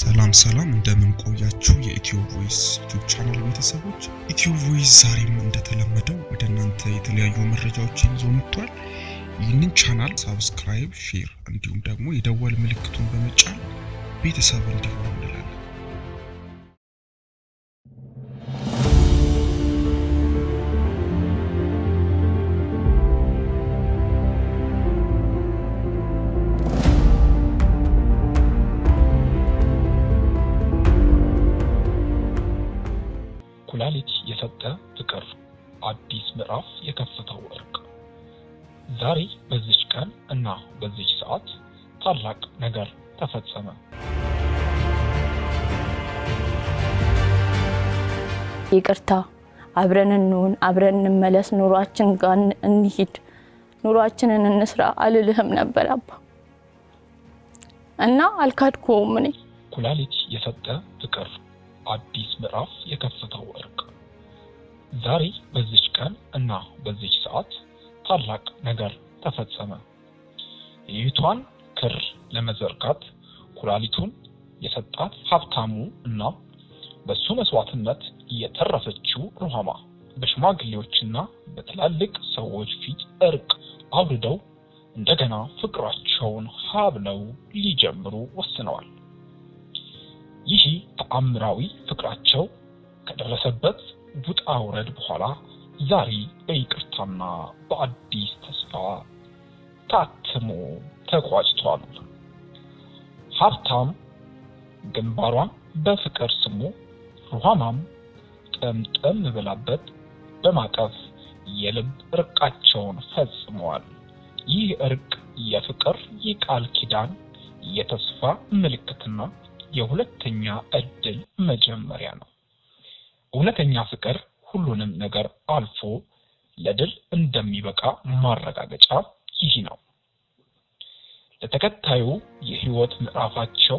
ሰላም ሰላም እንደምን ቆያችሁ የኢትዮ ቮይስ ዩቲዩብ ቻናል ቤተሰቦች። ኢትዮ ቮይስ ዛሬም እንደተለመደው ወደ እናንተ የተለያዩ መረጃዎችን ይዞ መጥቷል። ይህንን ቻናል ሳብስክራይብ፣ ሼር እንዲሁም ደግሞ የደወል ምልክቱን በመጫን ቤተሰብ እንዲሆኑ ኩላሊት የሰጠ ፍቅር አዲስ ምዕራፍ የከፈተው እርቅ። ዛሬ በዚች ቀን እና በዚች ሰዓት ታላቅ ነገር ተፈጸመ። ይቅርታ፣ አብረን እንሁን፣ አብረን እንመለስ፣ ኑሯችን ጋር እንሂድ፣ ኑሯችንን እንስራ አልልህም ነበር አባ እና አልካድኩም። እኔ ኩላሊት የሰጠ ፍቅር አዲስ ምዕራፍ የከፈተው እርቅ። ዛሬ በዚች ቀን እና በዚች ሰዓት ታላቅ ነገር ተፈጸመ። የዩቷን ክር ለመዘርጋት ኩላሊቱን የሰጣት ሀብታሙ እና በሱ መስዋዕትነት የተረፈችው ሩሃማ በሽማግሌዎችና በትላልቅ ሰዎች ፊት እርቅ አውርደው እንደገና ፍቅራቸውን ሀብለው ሊጀምሩ ወስነዋል። ይህ ተአምራዊ ፍቅራቸው ከደረሰበት ውጣ ውረድ በኋላ ዛሬ በይቅርታና በአዲስ ተስፋ ታትሞ ተቋጭቷል። ሀብታም ግንባሯን በፍቅር ስሞ ሩሃማም ጠምጠም ብላበት በማቀፍ የልብ እርቃቸውን ፈጽመዋል። ይህ እርቅ የፍቅር፣ የቃል ኪዳን፣ የተስፋ ምልክትና የሁለተኛ እድል መጀመሪያ ነው። እውነተኛ ፍቅር ሁሉንም ነገር አልፎ ለድል እንደሚበቃ ማረጋገጫ ይህ ነው። ለተከታዩ የህይወት ምዕራፋቸው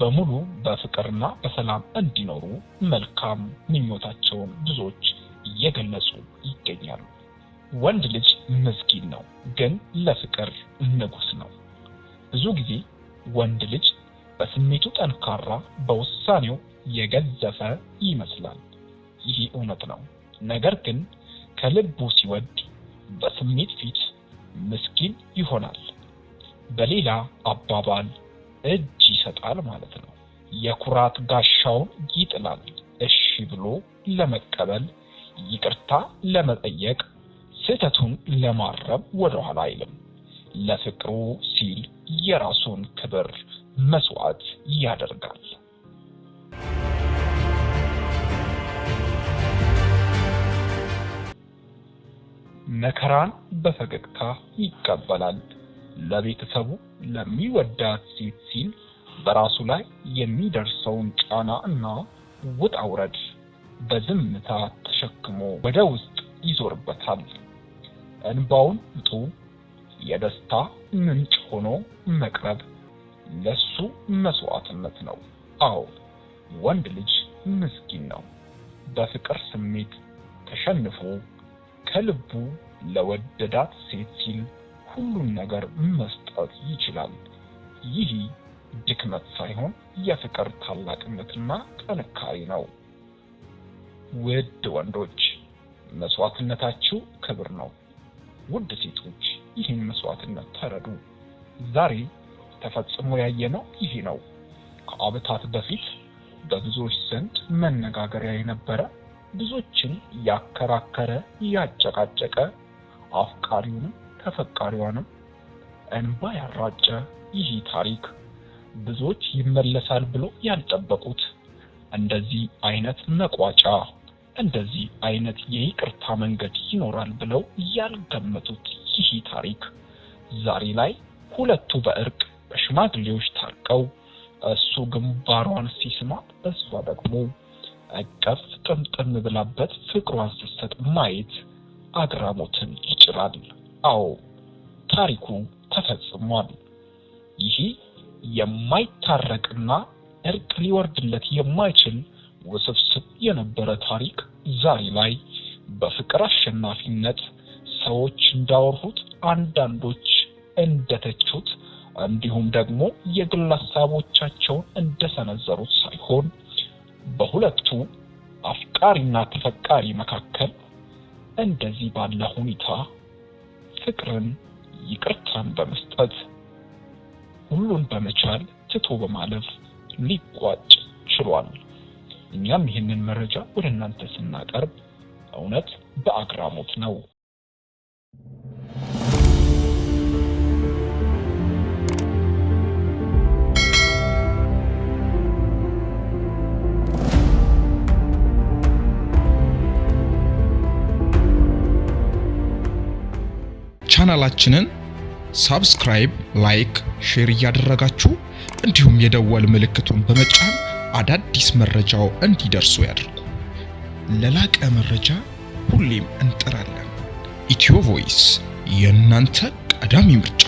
በሙሉ በፍቅርና በሰላም እንዲኖሩ መልካም ምኞታቸውን ብዙዎች እየገለጹ ይገኛሉ። ወንድ ልጅ ምስኪን ነው፣ ግን ለፍቅር ንጉስ ነው። ብዙ ጊዜ ወንድ ልጅ በስሜቱ ጠንካራ፣ በውሳኔው የገዘፈ ይመስላል። ይህ እውነት ነው። ነገር ግን ከልቡ ሲወድ በስሜት ፊት ምስኪን ይሆናል። በሌላ አባባል እጅ ይሰጣል ማለት ነው። የኩራት ጋሻውን ይጥላል። እሺ ብሎ ለመቀበል፣ ይቅርታ ለመጠየቅ፣ ስህተቱን ለማረም ወደኋላ አይልም። ለፍቅሩ ሲል የራሱን ክብር መስዋዕት ያደርጋል። መከራን በፈገግታ ይቀበላል። ለቤተሰቡ ለሚወዳት ሴት ሲል በራሱ ላይ የሚደርሰውን ጫና እና ውጣ ውረድ በዝምታ ተሸክሞ ወደ ውስጥ ይዞርበታል። እንባውን ጡ ። የደስታ ምንጭ ሆኖ መቅረብ ለሱ መስዋዕትነት ነው። አዎ ወንድ ልጅ ምስኪን ነው። በፍቅር ስሜት ተሸንፎ ከልቡ ለወደዳት ሴት ሲል ሁሉን ነገር መስጠት ይችላል። ይህ ድክመት ሳይሆን የፍቅር ታላቅነትና ጥንካሬ ነው። ውድ ወንዶች መስዋዕትነታችሁ ክብር ነው። ውድ ሴቶች ይህን መስዋዕትነት ተረዱ። ዛሬ ተፈጽሞ ያየነው ይህ ነው። ከአመታት በፊት በብዙዎች ዘንድ መነጋገሪያ የነበረ ብዙዎችን እያከራከረ እያጨቃጨቀ አፍቃሪውንም ተፈቃሪዋንም እንባ ያራጨ ይህ ታሪክ ብዙዎች ይመለሳል ብሎ ያልጠበቁት እንደዚህ አይነት መቋጫ እንደዚህ አይነት የይቅርታ መንገድ ይኖራል ብለው ያልገመቱት ይህ ታሪክ ዛሬ ላይ ሁለቱ በእርቅ በሽማግሌዎች ታርቀው እሱ ግንባሯን ሲስማት እሷ ደግሞ እቀፍ ጥምጥም ብላበት ፍቅሯን ስትሰጥ ማየት አግራሞትን ይጭራል። አዎ ታሪኩ ተፈጽሟል። ይህ የማይታረቅና እርቅ ሊወርድለት የማይችል ውስብስብ የነበረ ታሪክ ዛሬ ላይ በፍቅር አሸናፊነት ሰዎች እንዳወሩት፣ አንዳንዶች እንደተቹት፣ እንዲሁም ደግሞ የግል ሀሳቦቻቸውን እንደሰነዘሩት ሳይሆን በሁለቱ አፍቃሪና ተፈቃሪ መካከል እንደዚህ ባለ ሁኔታ ፍቅርን ይቅርታን በመስጠት ሁሉን በመቻል ትቶ በማለፍ ሊቋጭ ችሏል። እኛም ይህንን መረጃ ወደ እናንተ ስናቀርብ እውነት በአግራሞት ነው። ቻናላችንን ሳብስክራይብ፣ ላይክ፣ ሼር እያደረጋችሁ እንዲሁም የደወል ምልክቱን በመጫን አዳዲስ መረጃው እንዲደርሱ ያድርጉ። ለላቀ መረጃ ሁሌም እንጥራለን። ኢትዮ ቮይስ የእናንተ ቀዳሚ ምርጫ